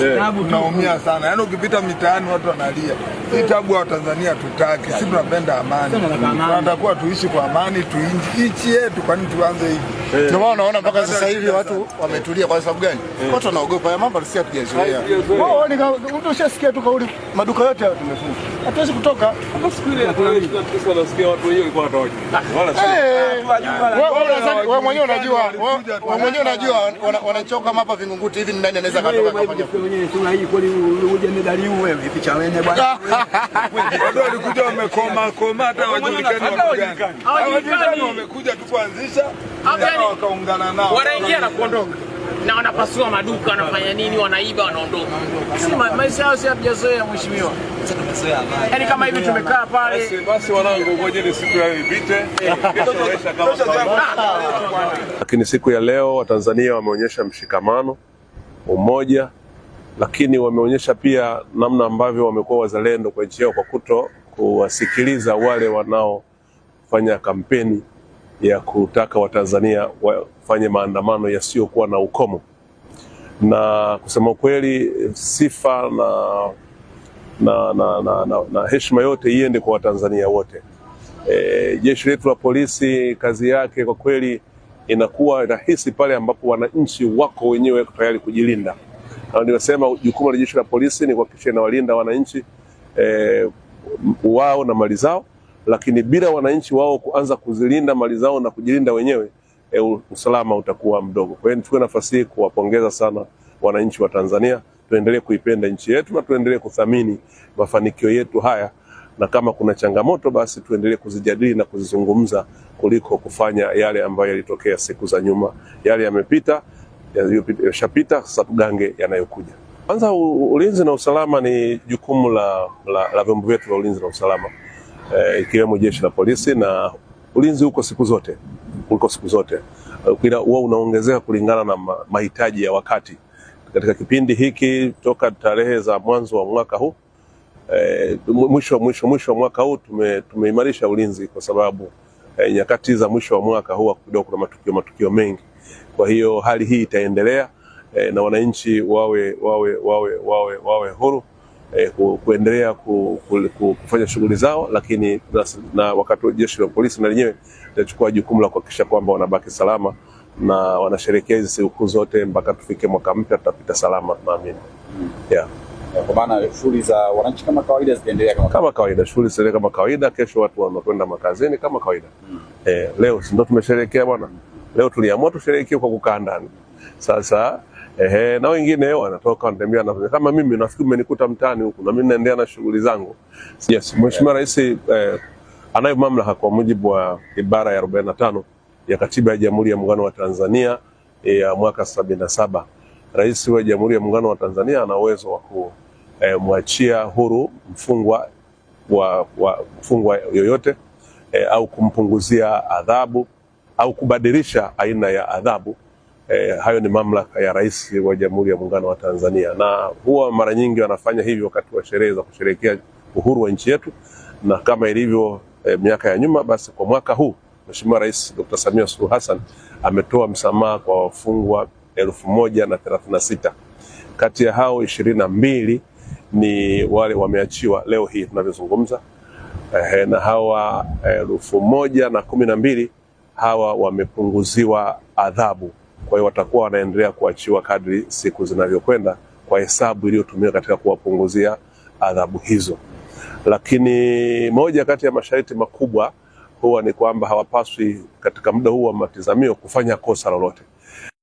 Eh, naumia sana, yaani ukipita mitaani watu wanalia. Itabu wa Tanzania tutaki, sisi tunapenda amani, tunatakuwa tuishi kwa amani, tuinchi yetu. Kwa nini tuanze hivi? Eh. Ndio maana unaona mpaka sasa hivi watu wametulia. Kwa sababu gani? Eh. Watu wanaogopa ya mambo sisi hatujazoea. Mtu ushasikia tu kauli, maduka yote tumefunga, hatuwezi kutoka. siku ile watu wala Wewe mwenyewe unajua, wewe mwenyewe unajua wanachoka mapa Vingunguti hivi, ndani anaweza kutoka kwa Mwenyewe Kuna hii kweli uje medali wewe, picha wewe bwana watu walikuja wamekoma koma, hata hawajulikani, wamekuja tu kuanzisha wakaungana nao, wanaingia na kuondoka na wanapasua maduka, wanafanya nini, wanaiba, wanaondoka. Si maisha yao, si hatujazoea mheshimiwa. Yaani kama hivi tumekaa pale, basi wanangu, ngojeni siku yao ipite. Lakini siku ya leo Watanzania wameonyesha mshikamano, umoja lakini wameonyesha pia namna ambavyo wamekuwa wazalendo kwa nchi yao kwa kuto kuwasikiliza wale wanaofanya kampeni ya kutaka Watanzania wafanye maandamano yasiyokuwa na ukomo. Na kusema kweli, sifa na, na, na, na, na, na heshima yote iende kwa Watanzania wote. E, jeshi letu la polisi kazi yake kwa kweli inakuwa rahisi pale ambapo wananchi wako wenyewe tayari kujilinda nimesema jukumu la jeshi la polisi ni kuhakikisha inawalinda wananchi e, wao na mali zao, lakini bila wananchi wao kuanza kuzilinda mali zao na kujilinda wenyewe e, usalama utakuwa mdogo. Kwa hiyo nichukue nafasi hii kuwapongeza sana wananchi wa Tanzania. Tuendelee kuipenda nchi yetu na tuendelee kuthamini mafanikio yetu haya, na kama kuna changamoto basi tuendelee kuzijadili na kuzizungumza kuliko kufanya yale ambayo yalitokea siku za nyuma. Yale yamepita, yashapita, sasa tugange yanayokuja. Kwanza, ulinzi na usalama ni jukumu la, la, la vyombo vyetu vya ulinzi na usalama e, ikiwemo jeshi la polisi, na ulinzi uko siku zote, uko siku zote eh, huwa unaongezeka kulingana na mahitaji ya wakati. Katika kipindi hiki toka tarehe za mwanzo wa mwaka huu e, mwisho mwisho mwisho wa mwaka huu tume, tumeimarisha ulinzi kwa sababu e, nyakati za mwisho wa mwaka huu kidogo kuna matukio matukio mengi kwa hiyo hali hii itaendelea e, na wananchi wawe, wawe, wawe, wawe, wawe huru e, ku, kuendelea ku, ku, ku, kufanya shughuli zao, lakini na, na wakati jeshi la polisi na lenyewe litachukua jukumu la kuhakikisha kwamba wanabaki salama na wanasherehekea hizi sikukuu zote mpaka tufike mwaka mpya, tutapita salama naamini. hmm. yeah. Kwa maana shughuli za wananchi kama kawaida zitaendelea kama kawaida, kawaida shughuli zitaendelea kama kawaida. Kesho watu wanakwenda makazini kama kawaida. hmm. Eh, leo ndio tumesherehekea bwana. Hmm. Leo tuliamua tusherehekee kwa kukaa ndani. Sasa ehe, na wengine wanatoka wanatembea na kama mimi nafikiri umenikuta mtaani huku na mimi naendelea na shughuli zangu. Yes, Mheshimiwa Rais eh, anayo mamlaka kwa mujibu wa ibara ya 45 ya Katiba ya Jamhuri ya Muungano wa Tanzania eh, ya mwaka sabini na saba. Rais wa Jamhuri ya Muungano wa Tanzania ana uwezo wa kumwachia eh, huru mfungwa wa, wa mfungwa yoyote eh, au kumpunguzia adhabu au kubadilisha aina ya adhabu eh, hayo ni mamlaka ya Rais wa Jamhuri ya Muungano wa Tanzania, na huwa mara nyingi wanafanya hivyo wakati wa sherehe za kusherehekea uhuru wa nchi yetu, na kama ilivyo eh, miaka ya nyuma, basi kwa mwaka huu Mheshimiwa Rais Dr. Samia Suluhu Hassan ametoa msamaha kwa wafungwa elfu moja na thelathini na sita kati ya hao ishirini na mbili ni wale wameachiwa leo hii tunavyozungumza, eh, na hawa elfu moja na kumi na mbili hawa wamepunguziwa adhabu, kwa hiyo watakuwa wanaendelea kuachiwa kadri siku zinavyokwenda kwa hesabu iliyotumika katika kuwapunguzia adhabu hizo. Lakini moja kati ya masharti makubwa huwa ni kwamba hawapaswi katika muda huu wa matizamio kufanya kosa lolote.